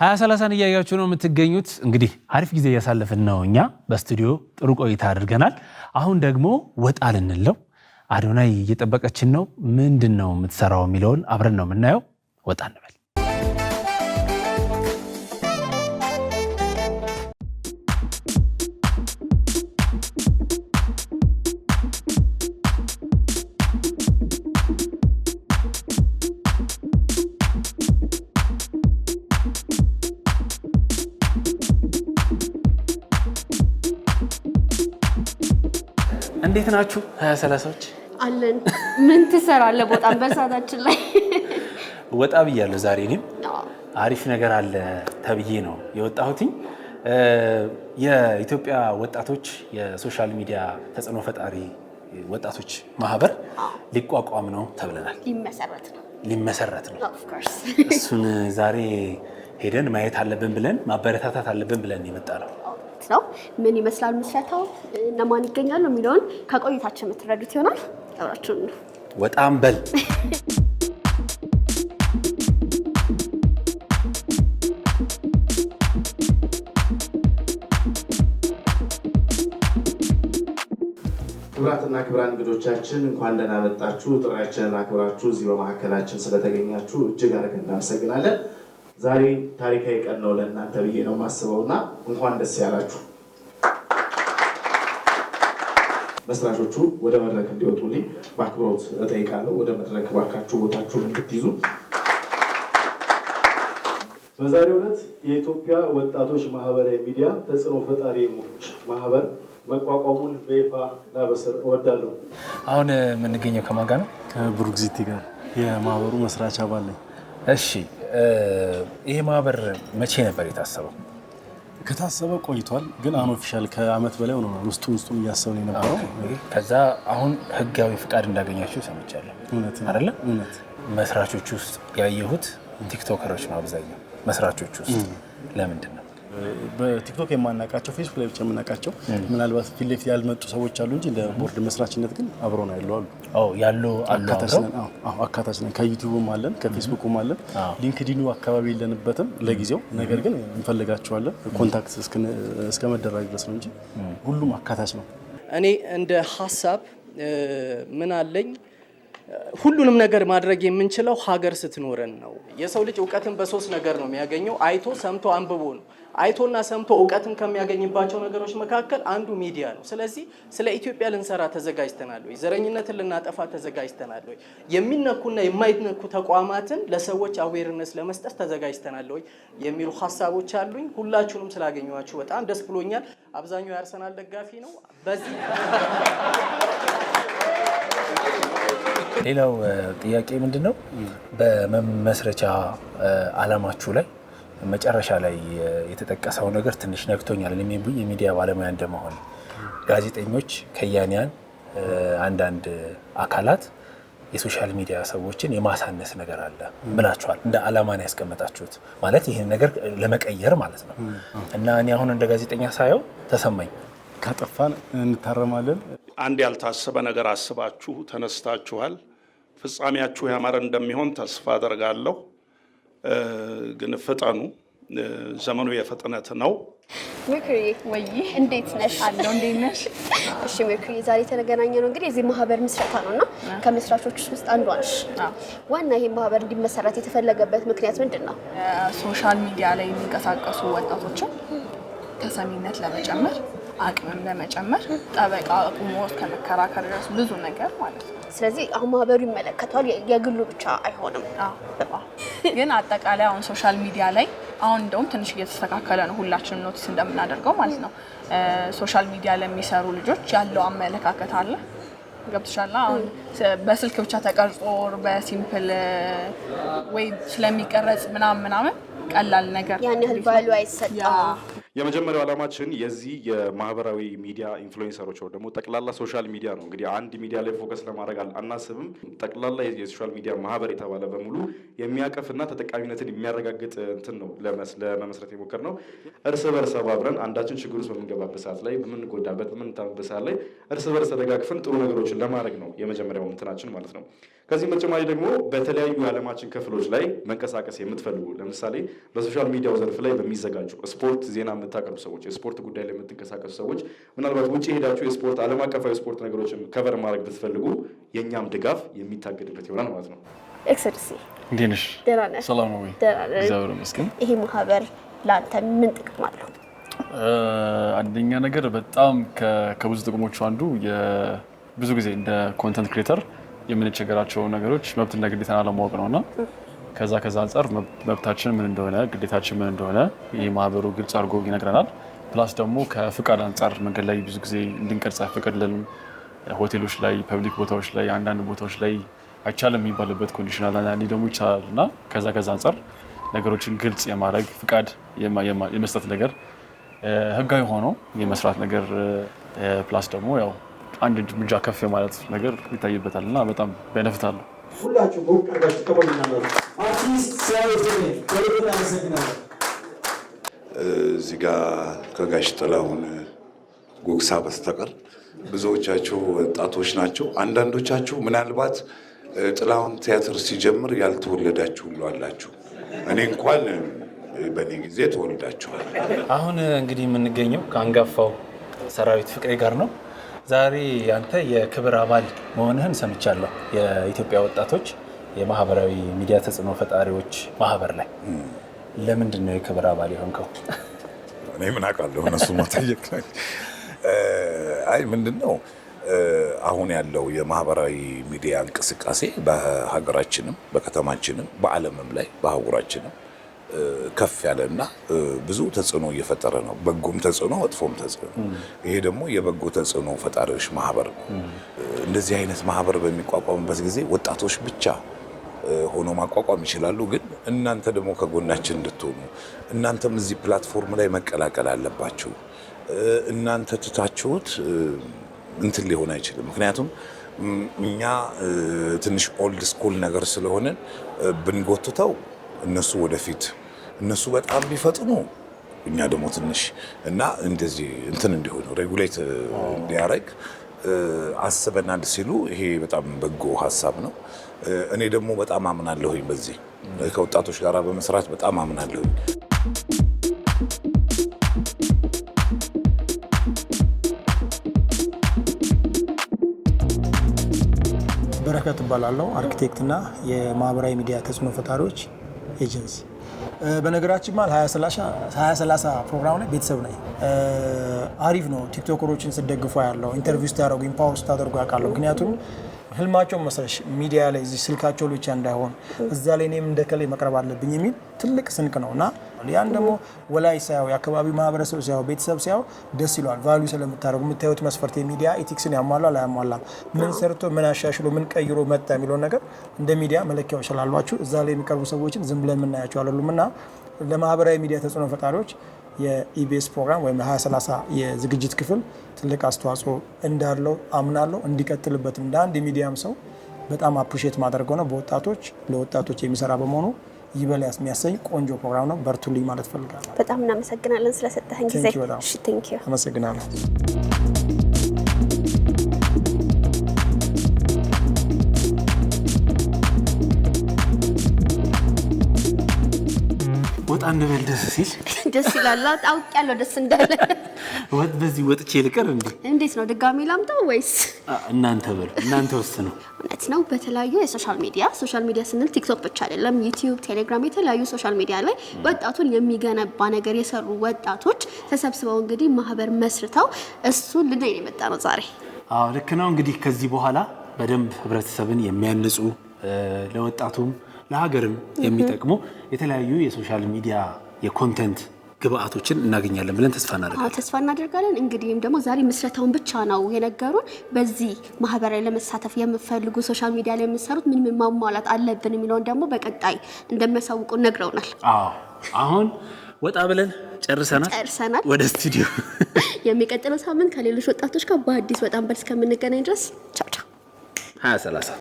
ሀያ ሰላሳን እያያችሁ ነው የምትገኙት። እንግዲህ አሪፍ ጊዜ እያሳለፍን ነው። እኛ በስቱዲዮ ጥሩ ቆይታ አድርገናል። አሁን ደግሞ ወጣ ልንለው አዶናይ እየጠበቀችን ነው። ምንድን ነው የምትሰራው የሚለውን አብረን ነው የምናየው። ወጣ እንበል እንዴት ናችሁ? ሀያ ሰላሳዎች አለን። ምን ትሰራለህ? በጣም በሰዓታችን ላይ ወጣ ብያለሁ። ዛሬ እኔም አሪፍ ነገር አለ ተብዬ ነው የወጣሁትኝ። የኢትዮጵያ ወጣቶች የሶሻል ሚዲያ ተጽዕኖ ፈጣሪ ወጣቶች ማህበር ሊቋቋም ነው ተብለናል። ሊመሰረት ነው። እሱን ዛሬ ሄደን ማየት አለብን ብለን ማበረታታት አለብን ብለን የመጣ ነው። ነው። ምን ይመስላል ምስረታው፣ እነማን ይገኛሉ የሚለውን ከቆይታችን የምትረዱት ይሆናል። አብራችሁን ነው። ወጣም በል ክብራትና ክብራን እንግዶቻችን እንኳን ደህና መጣችሁ። ጥሪያችንን አክብራችሁ እዚህ በመካከላችን ስለተገኛችሁ እጅግ አድርገን እናመሰግናለን። ዛሬ ታሪካዊ ቀን ነው ለእናንተ ብዬ ነው የማስበው እና እንኳን ደስ ያላችሁ። መስራቾቹ ወደ መድረክ እንዲወጡልኝ በአክብሮት እጠይቃለሁ። ወደ መድረክ ባካችሁ ቦታችሁን እንድትይዙ። በዛሬ ዕለት የኢትዮጵያ ወጣቶች ማህበራዊ ሚዲያ ተጽዕኖ ፈጣሪ ማህበር መቋቋሙን በይፋ ላበስር እወዳለሁ። አሁን የምንገኘው ከማጋ ነው? ከብሩክ ጋር የማህበሩ መስራች አባል ነኝ። እሺ ይሄ ማህበር መቼ ነበር የታሰበው? ከታሰበ ቆይቷል፣ ግን አሁን ኦፊሻል ከአመት በላይ ሆኖ ነው ውስጡ ውስጡ እያሰብን የነበረው። ከዛ አሁን ህጋዊ ፍቃድ እንዳገኛቸው ሰምቻለሁ። እውነት እውነት መስራቾች ውስጥ ያየሁት ቲክቶከሮች ነው አብዛኛው መስራቾች ውስጥ ለምንድን ነው በቲክቶክ የማናውቃቸው ፌስቡክ ላይ ብቻ የምናውቃቸው ምናልባት ፊት ለፊት ያልመጡ ሰዎች አሉ እንጂ ለቦርድ መስራችነት ግን አብረው ነው ያሉ አሉ ያሉ አካታች ነን። ከዩቲዩብም አለን ከፌስቡክም አለን። ሊንክዲኑ አካባቢ የለንበትም ለጊዜው። ነገር ግን እንፈልጋቸዋለን። ኮንታክት እስከ መደራጅ ድረስ ነው እንጂ ሁሉም አካታች ነው። እኔ እንደ ሀሳብ ምን አለኝ ሁሉንም ነገር ማድረግ የምንችለው ሀገር ስትኖረን ነው። የሰው ልጅ እውቀትን በሶስት ነገር ነው የሚያገኘው፣ አይቶ ሰምቶ አንብቦ ነው። አይቶና ሰምቶ እውቀትን ከሚያገኝባቸው ነገሮች መካከል አንዱ ሚዲያ ነው። ስለዚህ ስለ ኢትዮጵያ ልንሰራ ተዘጋጅተናል ወይ? ዘረኝነትን ልናጠፋ ተዘጋጅተናል ወይ? የሚነኩና የማይነኩ ተቋማትን ለሰዎች አዌርነስ ለመስጠት ተዘጋጅተናል ወይ የሚሉ ሀሳቦች አሉኝ። ሁላችሁንም ስላገኘኋችሁ በጣም ደስ ብሎኛል። አብዛኛው የአርሰናል ደጋፊ ነው በዚህ ሌላው ጥያቄ ምንድን ነው? በመመስረቻ አላማችሁ ላይ መጨረሻ ላይ የተጠቀሰው ነገር ትንሽ ነክቶኛል። የሚዲያ ባለሙያ እንደመሆን ጋዜጠኞች፣ ከያንያን፣ አንዳንድ አካላት የሶሻል ሚዲያ ሰዎችን የማሳነስ ነገር አለ ብላችኋል። እንደ አላማን ያስቀመጣችሁት ማለት ይህን ነገር ለመቀየር ማለት ነው። እና እኔ አሁን እንደ ጋዜጠኛ ሳየው ተሰማኝ። ከጠፋን እንታረማለን አንድ ያልታሰበ ነገር አስባችሁ ተነስታችኋል። ፍጻሜያችሁ ያማረ እንደሚሆን ተስፋ አደርጋለሁ። ግን ፍጠኑ፣ ዘመኑ የፍጥነት ነው። ምክርዬ ወይ እንዴት ነሽ? አለው እንዴት ነሽ? እሺ ምክርዬ፣ ዛሬ የተገናኘ ነው እንግዲህ የዚህ ማህበር ምስረታ ነው እና ከመስራቾች ውስጥ አንዷ ነሽ። ዋና ይሄ ማህበር እንዲመሰረት የተፈለገበት ምክንያት ምንድን ነው? ሶሻል ሚዲያ ላይ የሚንቀሳቀሱ ወጣቶችን ተሰሚነት ለመጨመር አቅምም ለመጨመር ጠበቃ አቁሞ እስከ መከራከር ድረስ ብዙ ነገር ማለት ነው። ስለዚህ አሁን ማህበሩ ይመለከተዋል፣ የግሉ ብቻ አይሆንም። ግን አጠቃላይ አሁን ሶሻል ሚዲያ ላይ አሁን እንደውም ትንሽ እየተስተካከለ ነው፣ ሁላችንም ኖቲስ እንደምናደርገው ማለት ነው። ሶሻል ሚዲያ ለሚሰሩ ልጆች ያለው አመለካከት አለ ገብቶሻል። አሁን በስልክ ብቻ ተቀርጾ በሲምፕል ወይ ስለሚቀረጽ ምናምን ምናምን ቀላል ነገር ያን ያህል ባሉ አይሰጣ የመጀመሪያው ዓላማችን የዚህ የማህበራዊ ሚዲያ ኢንፍሉዌንሰሮች ደግሞ ጠቅላላ ሶሻል ሚዲያ ነው። እንግዲህ አንድ ሚዲያ ላይ ፎከስ ለማድረግ አናስብም። ጠቅላላ የሶሻል ሚዲያ ማህበር የተባለ በሙሉ የሚያቀፍና ተጠቃሚነትን የሚያረጋግጥ እንትን ነው ለመመስረት የሞከር ነው። እርስ በርስ አባብረን አንዳችን ችግር ውስጥ በምንገባበት ሰዓት ላይ በምንጎዳበት፣ በምንታመበት ሰዓት ላይ እርስ በርስ ተደጋግፈን ጥሩ ነገሮችን ለማድረግ ነው የመጀመሪያው እንትናችን ማለት ነው። ከዚህም በተጨማሪ ደግሞ በተለያዩ የዓለማችን ክፍሎች ላይ መንቀሳቀስ የምትፈልጉ ለምሳሌ በሶሻል ሚዲያው ዘርፍ ላይ በሚዘጋጁ ስፖርት ዜና ለምታቀርቡ ሰዎች፣ የስፖርት ጉዳይ ላይ የምትንቀሳቀሱ ሰዎች ምናልባት ውጭ ሄዳችሁ የስፖርት ዓለም አቀፋዊ ስፖርት ነገሮችን ከቨር ማድረግ ብትፈልጉ የእኛም ድጋፍ የሚታገድበት ይሆናል ማለት ነው። ኤክሰርሲ እንዴት ነሽ? ደህና ሰላም ነው ወይ? እግዚአብሔር ይመስገን። ይሄ ማህበር ለአንተ ምን ጥቅም አለው? አንደኛ ነገር በጣም ከብዙ ጥቅሞቹ አንዱ ብዙ ጊዜ እንደ ኮንተንት ክሬተር የምንቸገራቸው ነገሮች መብትና ግዴታን አለማወቅ ነው እና ከዛ ከዛ አንጻር መብታችን ምን እንደሆነ ግዴታችን ምን እንደሆነ ይህ ማህበሩ ግልጽ አድርጎ ይነግረናል። ፕላስ ደግሞ ከፍቃድ አንጻር መንገድ ላይ ብዙ ጊዜ እንድንቀርጽ አይፈቀድልንም። ሆቴሎች ላይ፣ ፐብሊክ ቦታዎች ላይ፣ አንዳንድ ቦታዎች ላይ አይቻልም የሚባልበት ኮንዲሽን አለ። አንዳንዴ ደግሞ ይቻላል እና ከዛ ከዛ አንጻር ነገሮችን ግልጽ የማድረግ ፍቃድ የመስጠት ነገር ህጋዊ ሆኖ የመስራት ነገር ፕላስ ደግሞ ያው አንድ እርምጃ ከፍ የማለት ነገር ይታይበታል እና በጣም ቤነፊት አለው። ሁላችሁ በውቅ አድርጋችሁ አርቲስት ሲያወድን ከልብ አመሰግናለሁ። እዚህ ጋር ከጋሽ ጥላሁን ጉግሳ በስተቀር ብዙዎቻቸው ወጣቶች ናቸው። አንዳንዶቻችሁ ምናልባት ጥላሁን ቲያትር ሲጀምር ያልተወለዳችሁ ሁሉ አላችሁ። እኔ እንኳን በእኔ ጊዜ ተወልዳችኋል። አሁን እንግዲህ የምንገኘው ከአንጋፋው ሰራዊት ፍቅሬ ጋር ነው። ዛሬ አንተ የክብር አባል መሆንህን ሰምቻለሁ። የኢትዮጵያ ወጣቶች የማህበራዊ ሚዲያ ተጽዕኖ ፈጣሪዎች ማህበር ላይ ለምንድን ነው የክብር አባል የሆንከው? እኔ ምን አውቃለሁ፣ እነሱ መጠየቅ አይ ምንድን ነው አሁን ያለው የማህበራዊ ሚዲያ እንቅስቃሴ በሀገራችንም፣ በከተማችንም፣ በዓለምም ላይ በአህጉራችንም ከፍ ያለ እና ብዙ ተጽዕኖ እየፈጠረ ነው። በጎም ተጽዕኖ፣ መጥፎም ተጽዕኖ። ይሄ ደግሞ የበጎ ተጽዕኖ ፈጣሪዎች ማህበር ነው። እንደዚህ አይነት ማህበር በሚቋቋምበት ጊዜ ወጣቶች ብቻ ሆኖ ማቋቋም ይችላሉ። ግን እናንተ ደግሞ ከጎናችን እንድትሆኑ እናንተም እዚህ ፕላትፎርም ላይ መቀላቀል አለባችሁ። እናንተ ትታችሁት እንትን ሊሆን አይችልም። ምክንያቱም እኛ ትንሽ ኦልድ ስኩል ነገር ስለሆነን ብንጎትተው እነሱ ወደፊት እነሱ በጣም ቢፈጥኑ እኛ ደግሞ ትንሽ እና እንደዚህ እንትን እንዲሆን ሬጉሌት እንዲያደርግ አስበን ሲሉ ይሄ በጣም በጎ ሀሳብ ነው። እኔ ደግሞ በጣም አምናለሁኝ በዚህ ከወጣቶች ጋር በመስራት በጣም አምናለሁኝ። በረከት እባላለሁ። አርኪቴክትና የማህበራዊ ሚዲያ ተጽዕኖ ፈጣሪዎች ኤጀንሲ በነገራችን ማል 2030 ፕሮግራም ላይ ቤተሰብ ነኝ። አሪፍ ነው። ቲክቶከሮችን ስደግፎ ያለው ኢንተርቪው ስታደርጉ ኢምፓወር ስታደርጉ ያውቃለሁ። ምክንያቱም ህልማቸው መሰለሽ ሚዲያ ላይ እዚህ ስልካቸው ብቻ እንዳይሆን እዛ ላይ እኔም እንደ መቅረብ አለብኝ የሚል ትልቅ ስንቅ ነው እና ያን ደግሞ ወላይ ሳያው የአካባቢው ማህበረሰብ ሳያው ቤተሰብ ሳያው ደስ ይለዋል። ቫሉ ስለምታደርጉ የምታዩት መስፈርት የሚዲያ ኤቲክስን ያሟላ አያሟላም፣ ምን ሰርቶ ምን አሻሽሎ ምን ቀይሮ መጣ የሚለውን ነገር እንደ ሚዲያ መለኪያዎች ስላሏችሁ እዛ ላይ የሚቀርቡ ሰዎችን ዝም ብለን የምናያቸው አለሉም እና ለማህበራዊ ሚዲያ ተጽዕኖ ፈጣሪዎች የኢቢኤስ ፕሮግራም ወይም የ2030 የዝግጅት ክፍል ትልቅ አስተዋጽኦ እንዳለው አምናለሁ። እንዲቀጥልበትም እንደ አንድ የሚዲያም ሰው በጣም አፕሪሼት ማድረግ ሆነ በወጣቶች ለወጣቶች የሚሰራ በመሆኑ ይበል የሚያሰኝ ቆንጆ ፕሮግራም ነው። በርቱልኝ ማለት ፈልጋለሁ። በጣም እናመሰግናለን ስለሰጠህን ጊዜ። አመሰግናለሁ። እንበል ደስ ሲል ደስ ይላል። ያለው ደስ እንዳለ። ወጥ በዚህ ወጥቼ ልቀር እንዴ? እንዴት ነው ድጋሚ ላምጣው ወይስ እናንተ በሉ እናንተ ነው። እውነት ነው። በተለያዩ የሶሻል ሚዲያ ሶሻል ሚዲያ ስንል ቲክቶክ ብቻ አይደለም፣ ዩቲዩብ፣ ቴሌግራም፣ የተለያዩ ሶሻል ሚዲያ ላይ ወጣቱን የሚገነባ ነገር የሰሩ ወጣቶች ተሰብስበው እንግዲህ ማህበር መስርተው እሱን ልናይ ነው የመጣ ነው ዛሬ። አዎ ልክ ነው። እንግዲህ ከዚህ በኋላ በደንብ ህብረተሰብን የሚያንጹ ለወጣቱም ለሀገርም የሚጠቅሙ የተለያዩ የሶሻል ሚዲያ የኮንተንት ግብአቶችን እናገኛለን ብለን ተስፋ እናደርጋለን ተስፋ እናደርጋለን። እንግዲህም ደግሞ ዛሬ ምስረታውን ብቻ ነው የነገሩን። በዚህ ማህበራዊ ለመሳተፍ የምፈልጉ ሶሻል ሚዲያ ላይ የምሰሩት ምን ምን ማሟላት አለብን የሚለውን ደግሞ በቀጣይ እንደሚያሳውቁ ነግረውናል። አሁን ወጣ ብለን ጨርሰናል ጨርሰናል ወደ ስቱዲዮ። የሚቀጥለው ሳምንት ከሌሎች ወጣቶች ጋር በአዲስ በጣም በል እስከምንገናኝ ድረስ ቻው ቻው ሀያ ሰላሳ